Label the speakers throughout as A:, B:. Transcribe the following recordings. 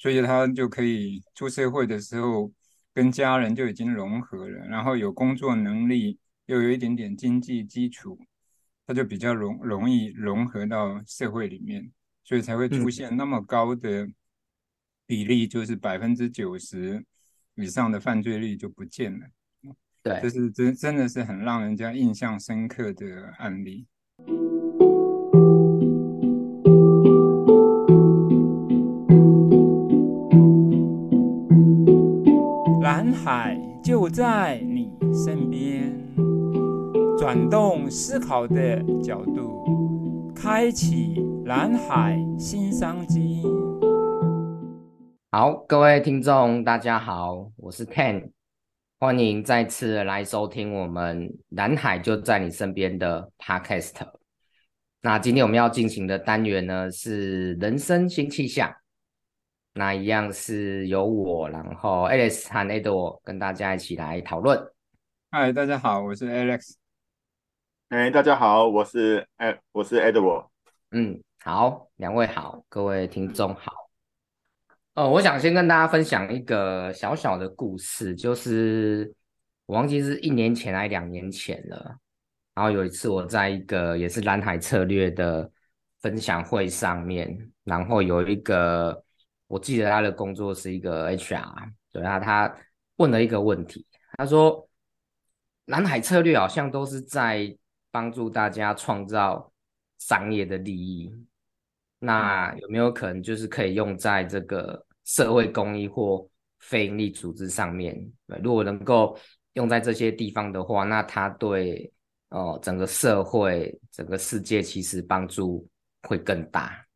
A: 所以，他就可以出社會的時候，跟家人就已經融合了，然後有工作能力，又有一點點經濟基礎，他就比較容容易融合到社會裡面，所以才會出現那麼高的比例，就是百分之九十以上的犯罪率就不見了。對，這是真真的是很讓人家印象深刻的案例。藍海就在你身邊，轉動思考的角度，
B: 開啟藍海新商機。好，各位聽眾，大家好，我是 Ten，歡迎再次來收聽我們《藍海就在你身邊》的 Podcast。那今天我們要進行的單元呢，是人生新氣象。那一樣是由我，然後 Alex 和 Edward 跟大家一起來討論。Hi，
A: 大家好，我是 Alex。哎，hey，大家好，我是
B: 我是 Edward。嗯，好，兩位好，各位聽眾好。哦，我想先跟大家分享一個小小的故事，就是我忘記是一年前還兩年前了。然後有一次我在一個也是藍海策略的分享會上面，然後有一個。我記得他的工作是一個 HR，對啊，他問了一個問題，他說：“藍海策略好像都是在幫助大家創造商業的利益，那有沒有可能就是可以用在這個社會公益或非營利組織上面？如果能夠用在這些地方的話，那他對、哦、整個社會、整個世界其實幫助會更大。”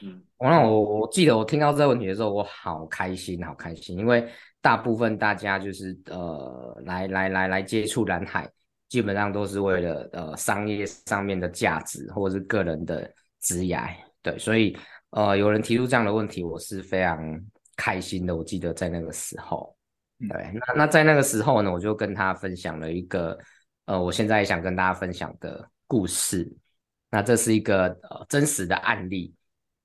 B: 嗯，我那我我記得我聽到這個問題的時候，我好開心，好開心，因為大部分大家就是呃來來來來接觸藍海，基本上都是為了呃商業上面的價值或是個人的職涯，對，所以呃有人提出這樣的問題，我是非常開心的。我記得在那個時候，對，嗯、那那在那個時候呢，我就跟他分享了一個呃我現在想跟大家分享的故事，那這是一個呃真實的案例。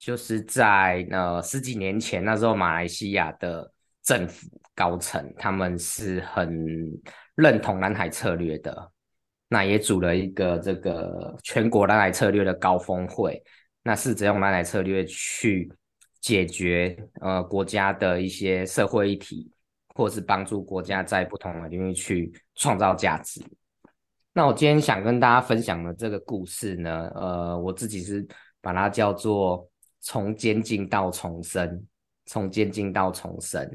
B: 就是在呃十幾年前，那時候馬來西亞的政府高層他們是很認同藍海策略的，那也組了一個這個全國藍海策略的高峰會，那是只用藍海策略去解決呃國家的一些社會議題，或是幫助國家在不同的領域去創造價值。那我今天想跟大家分享的這個故事呢，呃，我自己是把它叫做。從監禁到重生，從監禁到重生，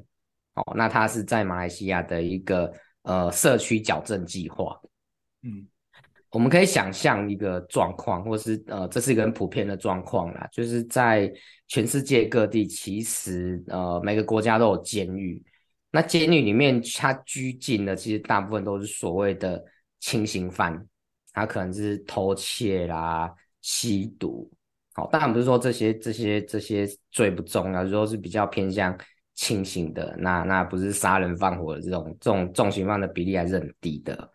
B: 哦，那他是在馬來西亞的一個呃社區矯正計劃。嗯，我們可以想象一個狀況，或是呃，這是一個很普遍的狀況啦，就是在全世界各地，其實呃每個國家都有監獄，那監獄裡面他拘禁的，其實大部分都是所謂的輕刑犯，他可能是偷竊啦、啊、吸毒。當然不是說這些這些這些罪不重要，如果、就是、是比較偏向輕刑的，那那不是殺人放火的這種這種重刑犯，的比例還是很低的。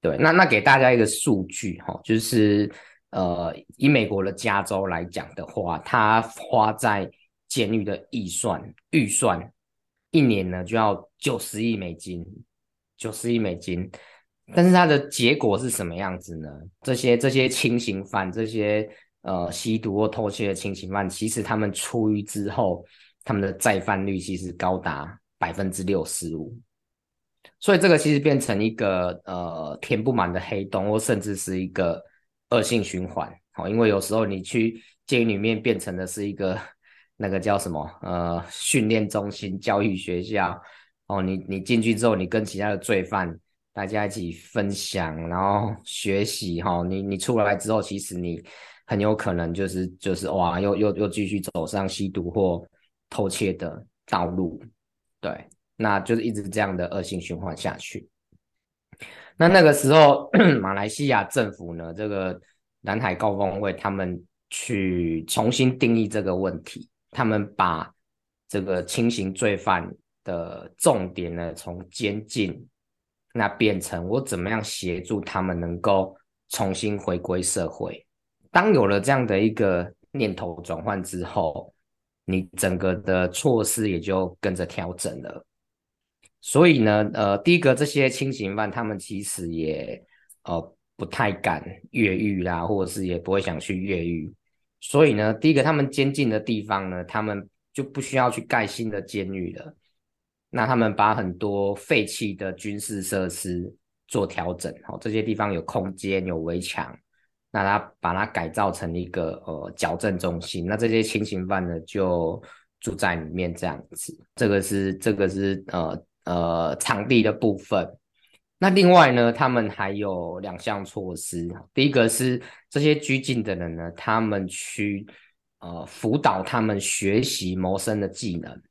B: 對，那那給大家一個數據哈、哦，就是呃，以美國的加州來講的話，它花在監獄的預算預算一年呢就要九十億美金，九十億美金。但是它的結果是什麼樣子呢？這些這些輕刑犯這些。呃，吸毒或偷竊的輕刑犯，其實他們出獄之後，他們的再犯率其實高達百分之六十五，所以這個其實變成一個呃填不滿的黑洞，或甚至是一個惡性循環。哦，因為有時候你去監獄裡面變成的是一個那個叫什麼呃訓練中心、教育學校。哦，你你進去之後，你跟其他的罪犯大家一起分享，然後學習。哈、哦，你你出來之後，其實你。很有可能就是就是哇，又又又繼續走上吸毒或偷竊的道路，對，那就是一直這樣的惡性循環下去。那那個時候，馬來西亞政府呢，這個藍海高峰會，他們去重新定義這個問題，他們把這個輕刑罪犯的重點呢，從監禁那變成我怎麼樣協助他們能夠重新回歸社會。當有了這樣的一個念頭轉換之後，你整個的措施也就跟着調整了。所以呢，呃，第一個這些輕刑犯他們其實也呃不太敢越獄啦，啊，或者是也不會想去越獄。所以呢，第一個他們監禁的地方呢，他們就不需要去蓋新的監獄了。那他們把很多廢棄的軍事設施做調整，哦，這些地方有空間、有圍牆。那他把它改造成一個呃矯正中心，那這些輕刑犯呢，就住在裡面這樣子。這個是這個是呃呃場地的部分。那另外呢，他們還有兩項措施。第一個是這些拘禁的人呢，他們去呃輔導他們學習謀生的技能。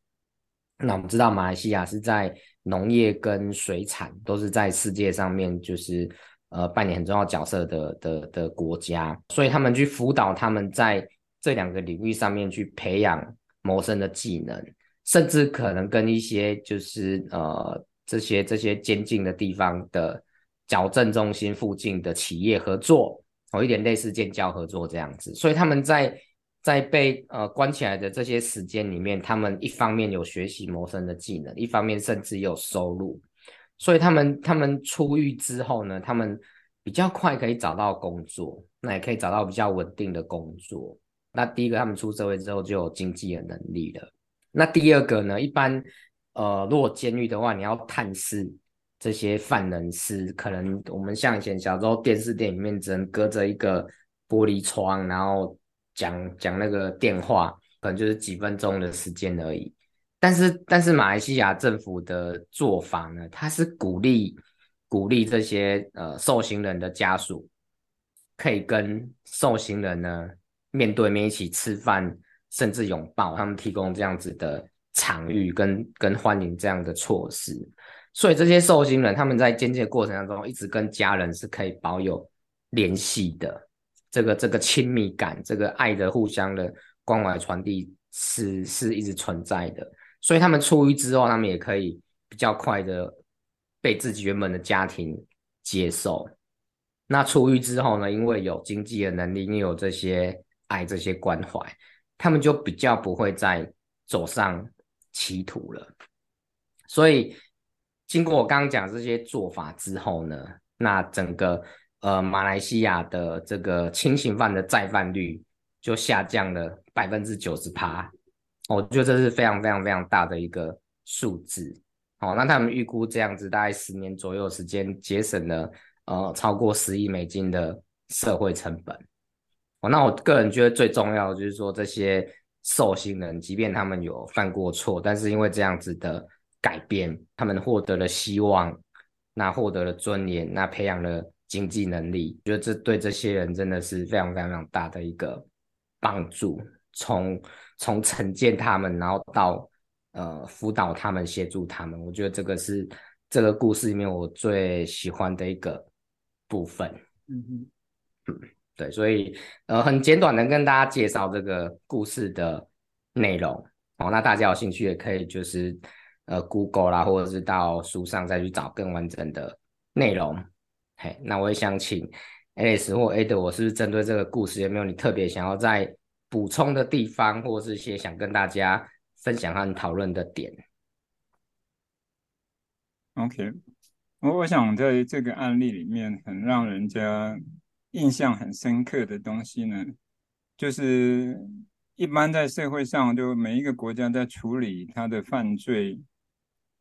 B: 那我們知道馬來西亞是在農業跟水產都是在世界上面就是。呃，扮演很重要角色的的的國家，所以他們去輔導他們在這兩個領域上面去培養謀生的技能，甚至可能跟一些就是呃這些這些監禁的地方的矯正中心附近的企業合作，有、哦、一點類似建教合作這樣子。所以他們在在被呃關起來的這些時間裡面，他們一方面有學習謀生的技能，一方面甚至有收入。所以他們他們出獄之後呢，他們比較快可以找到工作，那也可以找到比較穩定的工作。那第一個，他們出社會之後就有經濟的能力了。那第二個呢，一般呃，如果監獄的話，你要探視這些犯人時，可能我們像以前小時候電視電影裡面只能隔着一個玻璃窗，然後講講那個電話，可能就是幾分鐘的時間而已。但是，但是馬來西亞政府的做法呢，他是鼓勵鼓勵這些呃受刑人的家屬可以跟受刑人呢面對面一起吃飯，甚至擁抱。他們提供這樣子的場域跟跟歡迎這樣的措施，所以這些受刑人他們在監禁的過程當中，一直跟家人是可以保有聯繫的。這個這個親密感，這個愛的互相的關懷傳遞是是一直存在的。所以他們出獄之後，他們也可以比較快的被自己原本的家庭接受。那出獄之後呢，因為有經濟的能力，因為有這些愛、哎、這些關懷，他們就比較不會再走上歧途了。所以，經過我剛剛講這些做法之後呢，那整個呃馬來西亞的這個輕刑犯的再犯率就下降了百分之九十。我覺得這是非常非常非常大的一個數字。好、哦，那他們預估這樣子大概十年左右時間，節省了呃超過十億美金的社會成本。哦，那我個人覺得最重要的就是說，這些受刑人，即便他們有犯過錯，但是因為這樣子的改變，他們獲得了希望，那獲得了尊嚴，那培養了經濟能力，我覺得這對這些人真的是非常非常非常大的一個幫助。從從懲戒他們，然後到呃輔導他們、協助他們，我覺得這個是這個故事裡面我最喜歡的一個部分。嗯，嗯對，所以呃很簡短的跟大家介紹這個故事的內容。好，那大家有興趣也可以就是呃 Google 啦，或者是到書上再去找更完整的內容。嘿，那我也想請 Alice 或 Ada，我是不是針對這個故事有沒有你特別想要在補充的地方，或是一些想跟大家分享和討論的點。
A: OK，我我想在這個案例裡面，很讓人家印象很深刻的東西呢，就是一般在社會上，就每一個國家在處理他的犯罪，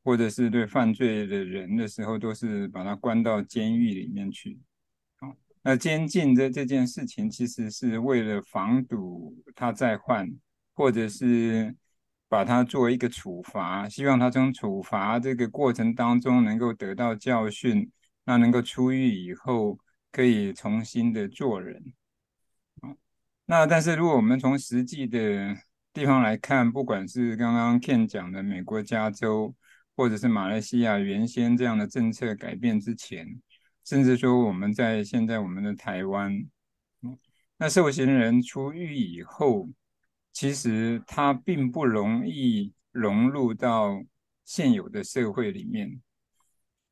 A: 或者是對犯罪的人的時候，都是把他關到監獄裡面去。那監禁的這件事情，其實是為了防堵他再犯，或者是把他做一個處罰，希望他從處罰這個過程當中能夠得到教訓，那能夠出獄以後可以重新的做人。啊，那但是如果我們從實際的地方來看，不管是剛剛 Ken 講的美國加州，或者是馬來西亞原先這樣的政策改變之前。甚至說，我們在現在我們的台灣，那受刑人出獄以後，其實他並不容易融入到現有的社會裡面。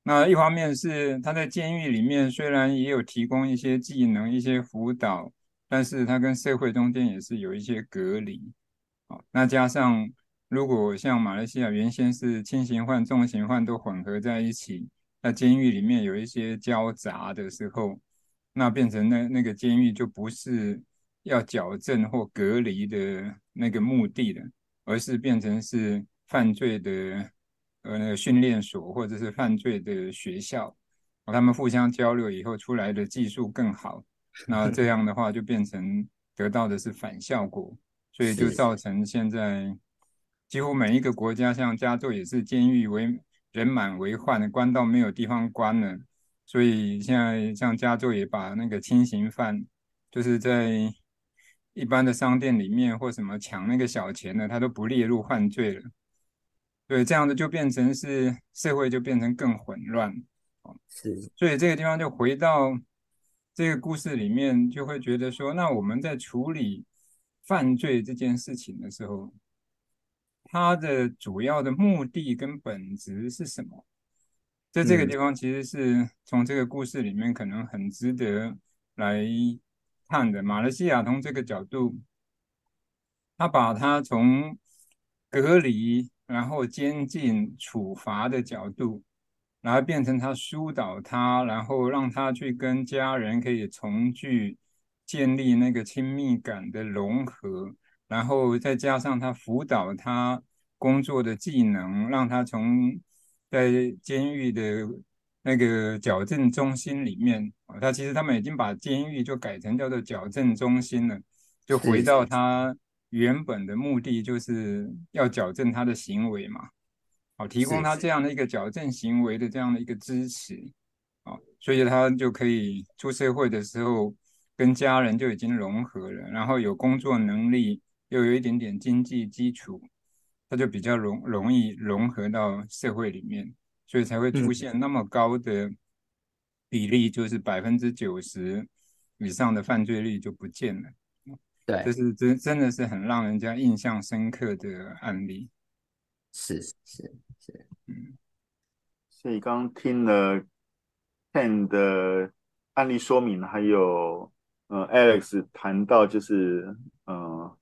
A: 那一方面是他在監獄裡面雖然也有提供一些技能、一些輔導，但是他跟社會中間也是有一些隔離。那加上如果像馬來西亞原先是輕刑犯、重刑犯都混合在一起。在監獄裡面有一些交雜的時候，那變成那那個監獄就不是要矯正或隔離的那個目的了，而是變成是犯罪的呃那個訓練所或者是犯罪的學校，啊，他們互相交流以後出來的技術更好，那這樣的話就變成得到的是反效果， 所以就造成現在幾乎每一個國家，像加州也是監獄為。人滿為患，關到沒有地方關了，所以現在像加州也把那個輕刑犯，就是在一般的商店裡面或什麼搶那個小錢的，他都不列入犯罪了。對，這樣子就變成是社會就變成更混亂。哦，是，所以這個地方就回到這個故事裡面，就會覺得說，那我們在處理犯罪這件事情的時候，他的主要的目的跟本質是什麼？在這個地方，其實是從這個故事裡面可能很值得來看的。馬來西亞從這個角度，他把他從隔離然後監禁處罰的角度，然後變成他疏導他，然後讓他去跟家人可以重聚，建立那個親密感的融合。然後再加上他輔導他工作的技能，讓他從在監獄的那個矯正中心裡面啊，他其實他們已經把監獄就改成叫做矯正中心了，就回到他原本的目的，就是要矯正他的行為嘛。好，提供他這樣的一個矯正行為的這樣的一個支持，啊，所以他就可以出社會的時候跟家人就已經融合了，然後有工作能力。又有一點點經濟基礎，它就比較容容易融合到社會裡面，所以才會出現那麼高的比例，就是百分之九十以上的犯罪率就不見了。對，這是真真的是很讓人家印象深刻的案例。
B: 是是是，嗯。
A: 所以剛聽了
C: Ken 的案例說明，還有、呃、Alex 談到就是嗯。呃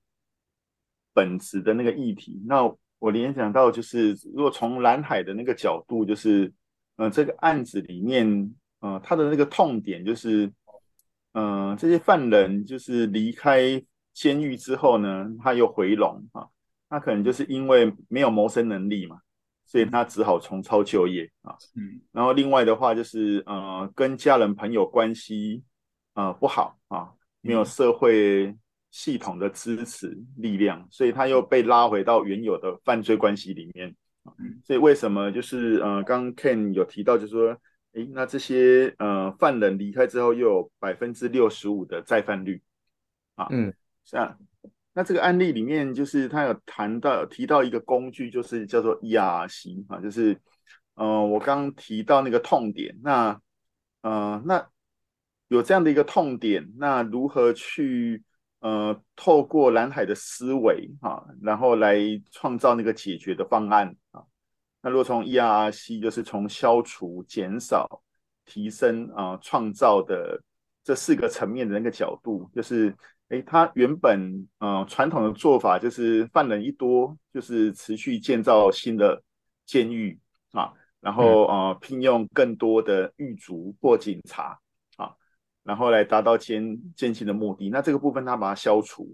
C: 本質的那個議題，那我聯想到就是，如果從藍海的那個角度，就是，呃這個案子裡面，呃，他的那個痛點就是，呃這些犯人就是離開監獄之後呢，他又回籠啊，他可能就是因為沒有謀生能力嘛，所以他只好重操舊業啊，嗯，然後另外的話就是，呃，跟家人朋友關係，呃，不好啊，沒有社會。系統的支持力量，所以他又被拉回到原有的犯罪關係裡面。所以為什麼就是呃，剛 Ken 有提到，就是說，誒，那這些呃犯人離開之後，又有百分之六十五的再犯率啊。嗯，是啊。那這個案例裡面就是他有談到有提到一個工具，就是叫做雅刑啊，就是呃，我剛提到那個痛點。那呃，那有這樣的一個痛點，那如何去？呃，透過藍海的思維啊，然後來創造那個解決的方案啊。那如果從 ERRC，就是從消除、減少、提升啊、呃，創造的這四個層面的那個角度，就是誒，它原本呃傳統的做法就是犯人一多，就是持續建造新的監獄啊，然後呃聘用更多的獄卒或警察，然後來達到監監禁的目的。那這個部分他把它消除，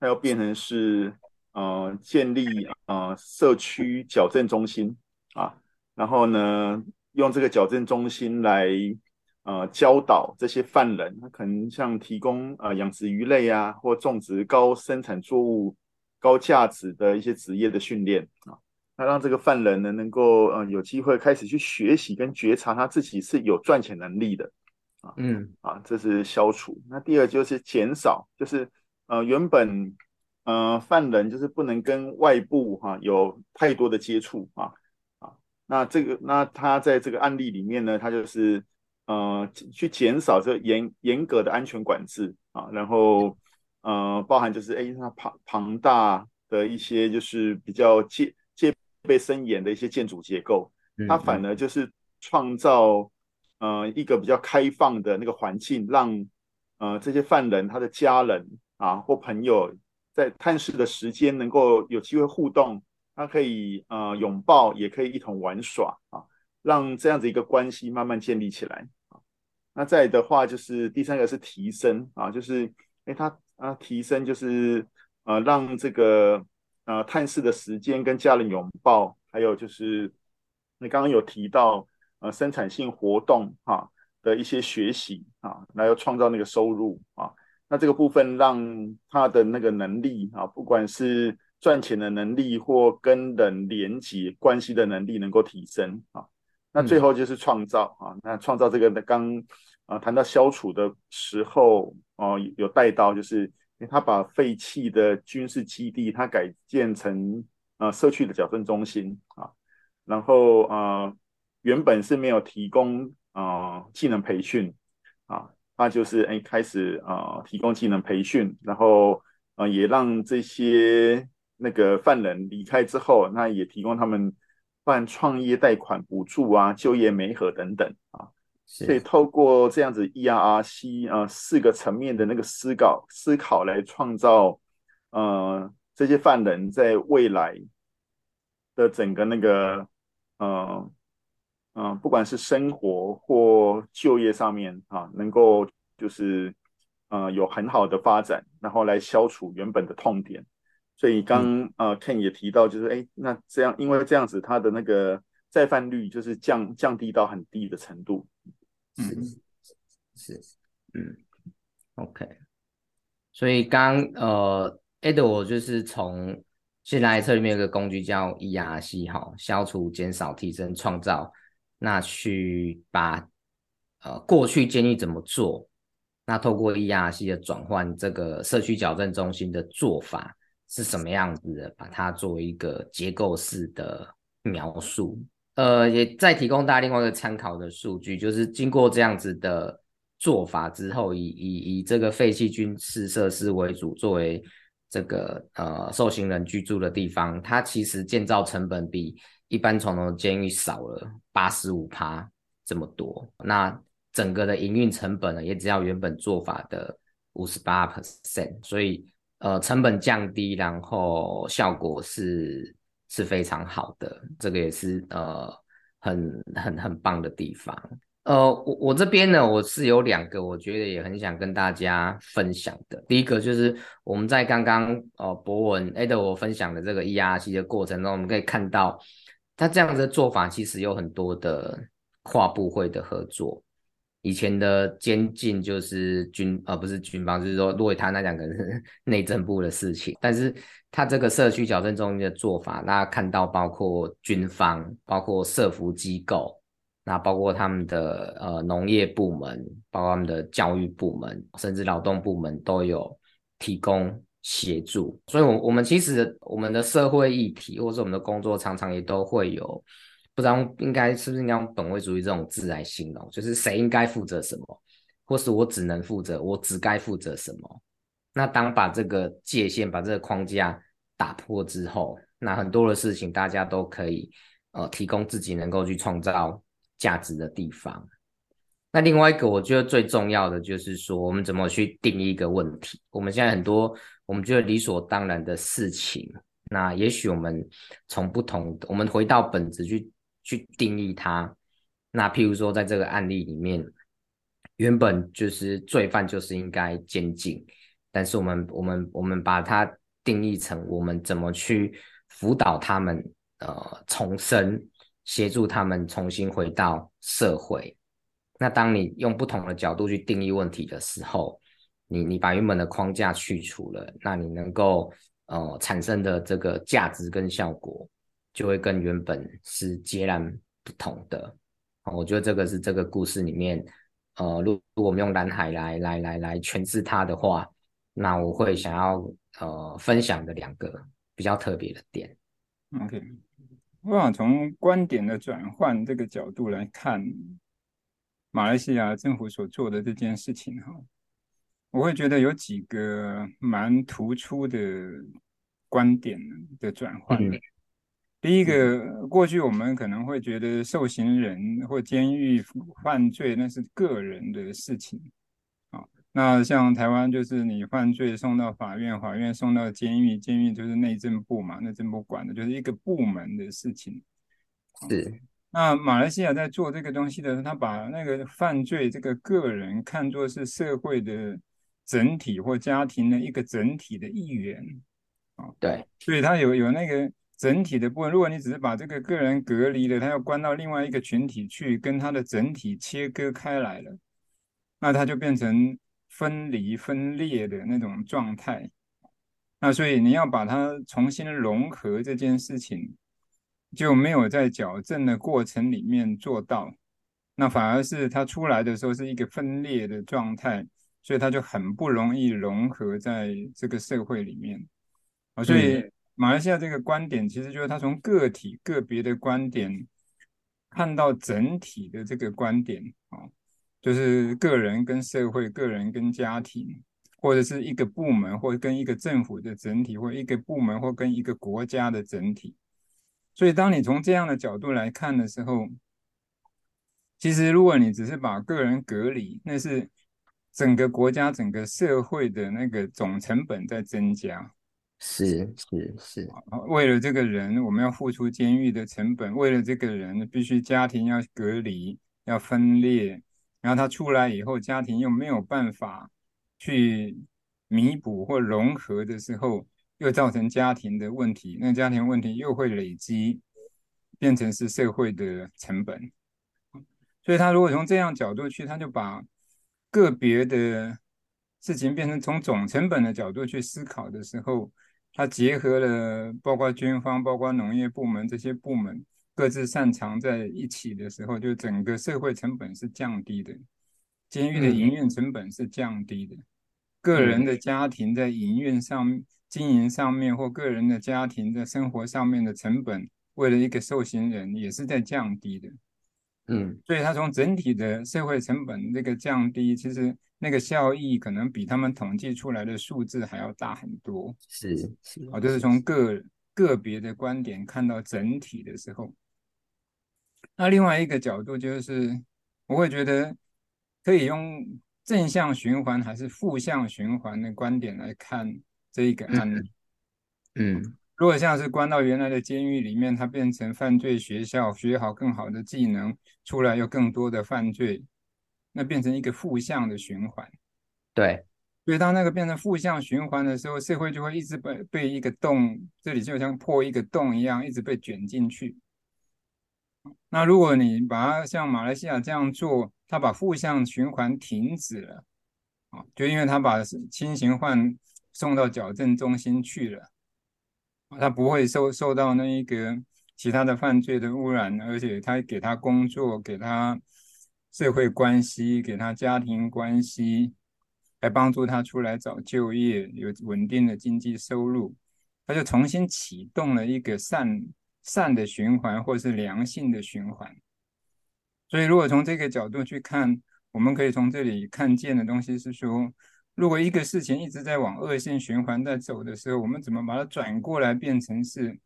C: 它要變成是，呃，建立呃社區矯正中心啊。然後呢，用這個矯正中心來呃教導這些犯人，他可能像提供啊、呃、養殖魚類啊，或種植高生產作物、高價值的一些職業的訓練啊。那讓這個犯人呢能夠呃有機會開始去學習跟覺察他自己是有賺錢能力的。啊，嗯，啊，這是消除。那第二就是減少，就是呃，原本呃，犯人就是不能跟外部哈、啊、有太多的接觸啊，啊，那這個那他在這個案例裡面呢，他就是呃去減少這嚴嚴格的安全管制啊，然後呃，包含就是哎他龐龐大的一些就是比較戒戒備森嚴的一些建築結構，它、嗯嗯、反而就是創造。呃，一個比較開放的那個環境，讓呃這些犯人他的家人啊或朋友在探視的時間能夠有機會互動，他可以呃擁抱，也可以一同玩耍啊，讓這樣子一個關係慢慢建立起來啊。那再的話就是第三個是提升啊，就是誒、哎，他啊提升就是呃讓這個呃探視的時間跟家人擁抱，還有就是你剛剛有提到。呃，生產性活動啊的一些學習啊，來要創造那個收入啊，那這個部分讓他的那個能力啊，不管是賺錢的能力或跟人連接關係的能力能夠提升啊，那最後就是創造啊，那創造這個剛啊，呃，談到消除的時候啊，呃，有帶到就是他把廢棄的軍事基地他改建成啊，呃，社區的矯正中心啊，然後啊。呃原本是沒有提供、呃、技能培訓啊，那就是哎開始、呃、提供技能培訓，然後啊、呃、也讓這些那個犯人離開之後，那也提供他們辦創業貸款補助啊、就業媒合等等啊，所以透過這樣子 E R R C 啊、呃、四個層面的那個思考思考來創造呃這些犯人在未來的整個那個呃嗯、呃，不管是生活或就業上面，啊，能夠就是，嗯、呃，有很好的發展，然後來消除原本的痛點。所以剛、嗯、呃 Ken 也提到，就是，哎，那這樣，因為這樣子，他的那個再犯率就是降降低到很低的程度。是
B: 是，是，是嗯，OK。所以剛，剛呃，Edo 就是從現在這裡面有個工具叫 E.R.C. 哈，消除、減少、提升、創造。那去把呃過去監獄怎麼做？那透過 E R C 的轉換，這個社區矯正中心的做法是什麼樣子的？把它做一個結構式的描述。呃，也再提供大家另外一個參考的數據，就是經過這樣子的做法之後，以以以這個廢棄軍事設施為主作為。這個呃，受刑人居住的地方，它，其實建造成本比一般傳統監獄少了八十五趴這麼多，那整個的營運成本呢，也只要原本做法的五十八 percent，所以呃，成本降低，然後效果是是非常好的，這個也是呃很很很棒的地方。呃，我我這邊呢，我是有兩個，我覺得也很想跟大家分享的。第一個就是我們在剛剛呃博文 a d 我分享的這個 ERC 的過程中，我們可以看到他這樣子的做法其實有很多的跨部會的合作。以前的監禁就是軍啊，呃，不是軍方，就是說洛伊他那兩個是 內政部的事情，但是他這個社區矯正中心的做法，大家看到包括軍方，包括社服機構。那、啊、包括他們的呃農業部門，包括他們的教育部門，甚至勞動部門都有提供協助。所以我，我我們其實我們的社會議題，或是我們的工作，常常也都會有，不知道應該是不是應該用本位主義這種字來形容，就是誰應該負責什麼，或是我只能負責，我只該負責什麼。那當把這個界限，把這個框架打破之後，那很多的事情大家都可以呃提供自己能夠去創造價值的地方。那另外一個，我覺得最重要的就是說，我們怎麼去定義一個問題？我們現在很多我們覺得理所當然的事情，那也許我們從不同，我們回到本質去去定義它。那譬如說，在這個案例裡面，原本就是罪犯就是應該監禁，但是我們我們我們把它定義成我們怎麼去輔導他們呃重生。協助他們重新回到社會。那當你用不同的角度去定義問題的時候，你你把原本的框架去除了，那你能夠呃產生的這個價值跟效果，就會跟原本是截然不同的。哦，我覺得這個是這個故事裡面，呃，如果我們用藍海來來來來詮釋它的話，那我會想要呃分享的兩個比較特別的點。
A: OK。我想從觀點的轉換這個角度來看，馬來西亞政府所做的這件事情哈，我會覺得有幾個蠻突出的觀點的轉換。第一個，過去我們可能會覺得受刑人或監獄犯罪那是個人的事情。那像台灣就是你犯罪送到法院，法院送到監獄，監獄就是內政部嘛，內政部管的，就是一個部門的事情。對。Okay. 那馬來西亞在做這個東西的時候，他把那個犯罪這個個人看作是社會的整體或家庭的一個整體的一員。哦，對。所以他有有那個整體的部分。如果你只是把這個個人隔離了，他要關到另外一個群體去，跟他的整體切割開來了，那他就變成。分離分裂的那種狀態，那所以你要把它重新融合這件事情，就沒有在矯正的過程裡面做到，那反而是它出來的時候是一個分裂的狀態，所以它就很不容易融合在這個社會裡面啊。所以馬來西亞這個觀點，其實就是他從個體個別的觀點看到整體的這個觀點啊。就是個人跟社會，個人跟家庭，或者是一個部門，或者跟一個政府的整體，或一個部門，或跟一個國家的整體。所以，當你從這樣的角度來看的時候，其實如果你只是把個人隔離，那是整個國家、整個社會的那個總成本在增加。是是是，為了這個人，我們要付出監獄的成本；為了這個人，必須家庭要隔離，要分裂。然後他出來以後，家庭又沒有辦法去彌補或融合的時候，又造成家庭的問題。那家庭問題又會累積，變成是社會的成本。所以，他如果從這樣角度去，他就把個別的事情變成從總成本的角度去思考的時候，他結合了包括軍方、包括農業部門這些部門。各自擅長在一起的時候，就整個社會成本是降低的，監獄的營運成本是降低的，嗯、個人的家庭在營運上、嗯、經營上面，或個人的家庭在生活上面的成本，為了一個受刑人也是在降低的。嗯，所以他從整體的社會成本這個降低，其實那個效益可能比他們統計出來的數字還要大很多。是，是啊、哦，就是從個個別的觀點看到整體的時候。那另外一個角度就是，我會覺得可以用正向循環還是負向循環的觀點來看這一個案例嗯。嗯，如果像是關到原來的監獄裡面，它變成犯罪學校，學好更好的技能，出來有更多的犯罪，那變成一個負向的循環。對，所以當那個變成負向循環的時候，社會就會一直被被一個洞，這裡就像破一個洞一樣，一直被捲進去。那如果你把它像馬來西亞這樣做，他把負向循環停止了。啊，就因為他把輕刑犯送到矯正中心去了，它他不會受受到那一個其他的犯罪的污染，而且他給他工作，給他社會關係，給他家庭關係，來幫助他出來找就業，有穩定的經濟收入，他就重新啟動了一個善。善的循環，或者是良性的循環。所以，如果從這個角度去看，我們可以從這裡看見的東西是說，如果一個事情一直在往惡性循環在走的時候，我們怎麼把它轉過來，變成是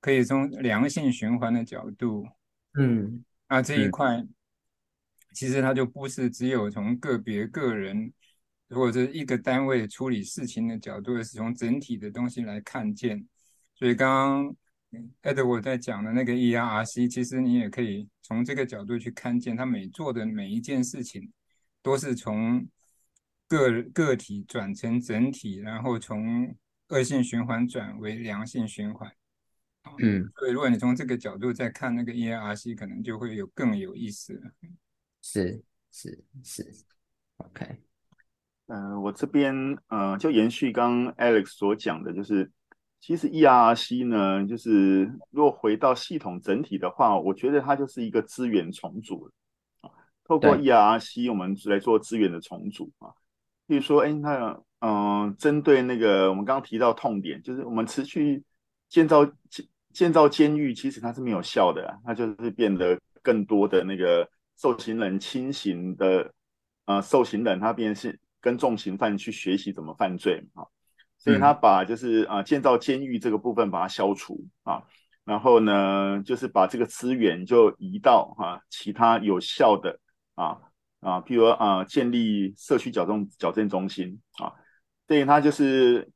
A: 可以從良性循環的角度？嗯，那，這一塊其實它就不是只有從個別個人，如果是一個單位處理事情的角度，而是從整體的東西來看見。所以，剛剛。add 我在講的那個 ERRC，其實你也可以從這個角度去看見，他每做的每一件事情，都是從個個體轉成整體，然後從惡性循環轉為良性循環。
B: 嗯，
A: 所以如果你從這個角度再看那個 ERRC，可能就會有更有意思了。
B: 是
C: 是是，OK。呃，我這邊呃，就延續剛剛 Alex 所講的，就是。其實 E R R C 呢，就是如果回到系統整體的話，我覺得它就是一個資源重組啊。透過 E R R C 我們來做資源的重組啊，譬如說，哎，那嗯、呃，針對那個我們剛剛提到痛點，就是我們持續建造建建造監獄，其實它是沒有效的，那就是變得更多的那個受刑人輕刑的，呃、受刑人他變是跟重刑犯去學習怎麼犯罪，哦所以他把就是啊建造監獄這個部分把它消除啊，然後呢就是把這個資源就移到啊其他有效的啊啊，譬如，啊建立社區矯正矯正中心啊，所以他就是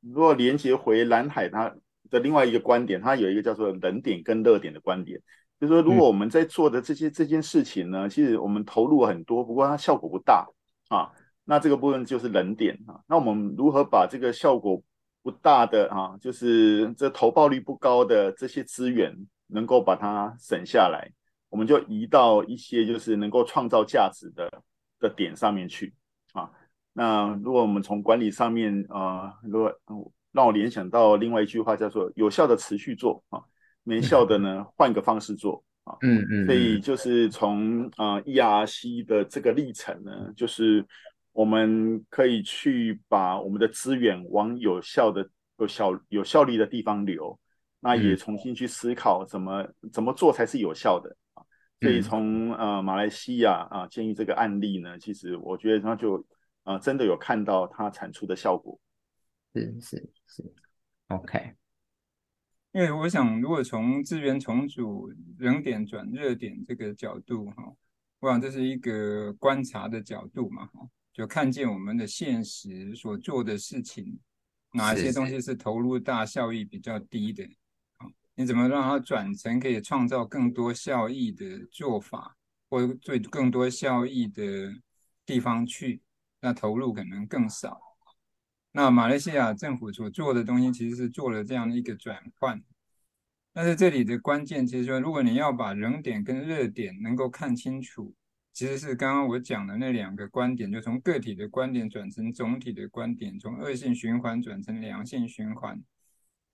C: 如果連接回藍海他的另外一個觀點，他有一個叫做冷點跟熱點的觀點，就是說如果我們在做的這些這件事情呢，其實我們投入了很多，不過它效果不大啊。那這個部分就是冷點啊。那我們如何把這個效果不大的啊，就是這投報率不高的這些資源，能夠把它省下來，我們就移到一些就是能夠創造價值的的點上面去啊。那如果我們從管理上面啊，如果讓我聯想到另外一句話，叫做“有效的持續做啊，沒效的呢，換個方式做啊。”嗯嗯。所以就是從啊 ERC 的這個歷程呢，就是。我們可以去把我們的資源往有效的、有效、有效率的地方流，那也重新去思考怎麼怎麼做才是有效的啊。所以從呃馬來西亞啊、呃，建議這個案例呢，其實我覺得它就啊、呃，真的有看到它產出的效果。
B: 是是是，OK。因
A: 為我想，如果從資源重組、冷點轉熱點這個角度哈、哦，我想這是一個觀察的角度嘛。就看見我們的現實所做的事情，哪些東西是投入大，是是，效益比較低的啊？你怎麼讓它轉成可以創造更多效益的做法，或做更多效益的地方去？那投入可能更少。那馬來西亞政府所做的東西，其實是做了這樣的一個轉換。但是這裡的關鍵，其實說，如果你要把冷點跟熱點能夠看清楚。其實是剛剛我講的那兩個觀點，就從個體的觀點轉成總體的觀點，從惡性循環轉成良性循環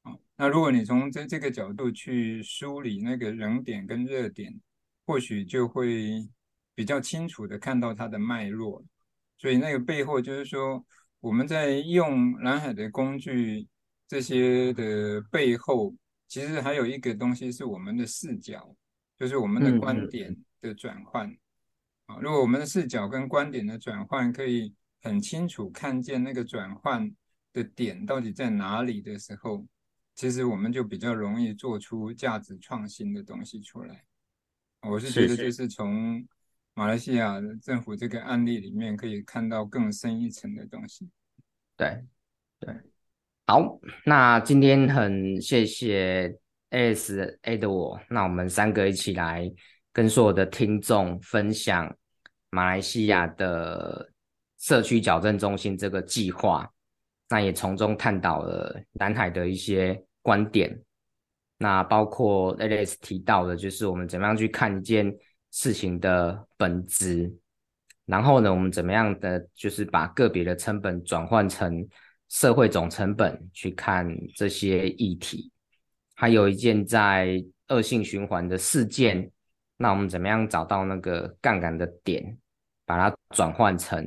A: 啊。那如果你從這這個角度去梳理那個冷點跟熱點，或許就會比較清楚地看到它的脈絡。所以那個背後就是說，我們在用藍海的工具這些的背後，其實還有一個東西是我們的視角，就是我們的觀點的轉換。嗯嗯如果我們的視角跟觀點的轉換可以很清楚看見那個轉換的點到底在哪裡的時候，其實我們就比較容易做出價值創新的東西出來。我是覺得，就是從馬來西亞政府這個案例裡面可以看到更深一層的東西。
B: 對，對，好，那今天很謝謝 S A 的我，那我們三個一起來跟所有的聽眾分享。馬來西亞的社區矯正中心這個計劃，那也從中探討了藍海的一些觀點。那包括 Alice 提到的，就是我們怎麼樣去看一件事情的本質。然後呢，我們怎麼樣的就是把個別的成本轉換成社會總成本去看這些議題。還有一件在惡性循環的事件。那我們怎麼樣找到那個槓桿的點，把它轉換成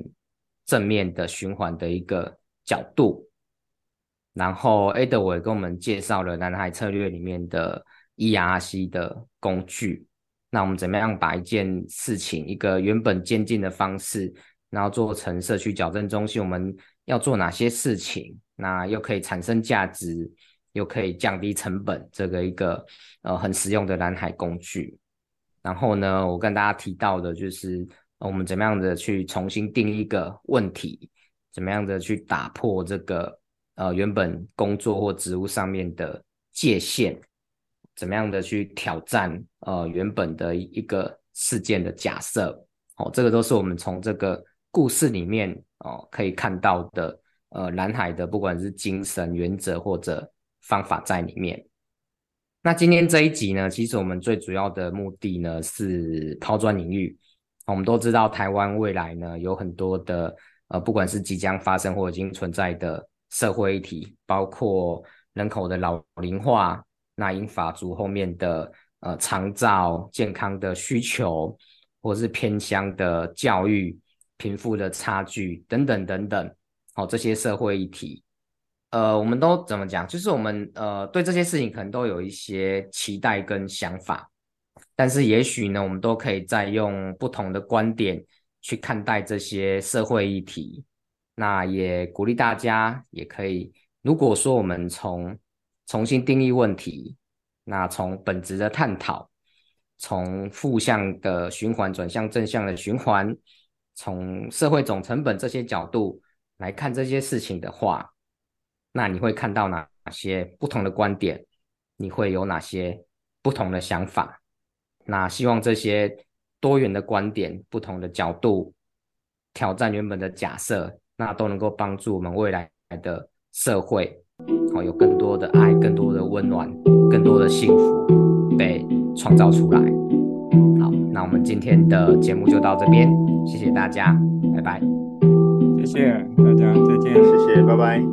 B: 正面的循環的一個角度？然後，Ado 也給我們介紹了藍海策略裡面的 ERC 的工具。那我們怎麼樣把一件事情，一個原本監禁的方式，然後做成社區矯正中心？我們要做哪些事情？那又可以產生價值，又可以降低成本？這個一個呃很實用的藍海工具。然後呢，我跟大家提到的就是，我們怎麼樣的去重新定義一個問題，怎麼樣的去打破這個呃原本工作或職務上面的界限，怎麼樣的去挑戰呃原本的一個事件的假設，哦，這個都是我們從這個故事裡面哦、呃、可以看到的，呃，藍海的不管是精神、原則或者方法在裡面。那今天這一集呢，其實我們最主要的目的呢是拋磚引玉。我們都知道，台灣未來呢有很多的呃，不管是即將發生或已經存在的社會議題，包括人口的老齡化、那英法族後面的呃長照健康的需求，或是偏鄉的教育、貧富的差距等等等等。好、哦，這些社會議題。呃，我們都怎麼講？就是我們呃，對這些事情可能都有一些期待跟想法，但是也許呢，我們都可以再用不同的觀點去看待這些社會議題。那也鼓勵大家，也可以，如果說我們從重新定義問題，那從本質的探討，從負向的循環轉向正向的循環，從社會總成本這些角度來看這些事情的話。那你會看到哪些不同的觀點？你會有哪些不同的想法？那希望這些多元的觀點、不同的角度，挑戰原本的假設，那都能夠幫助我們未來的社會，好、哦、有更多的愛、更多的溫暖、更多的幸福被創造出來。好，那我們今天的節目就到這邊，謝謝大家，拜拜。謝謝大家，再見，謝謝，拜拜。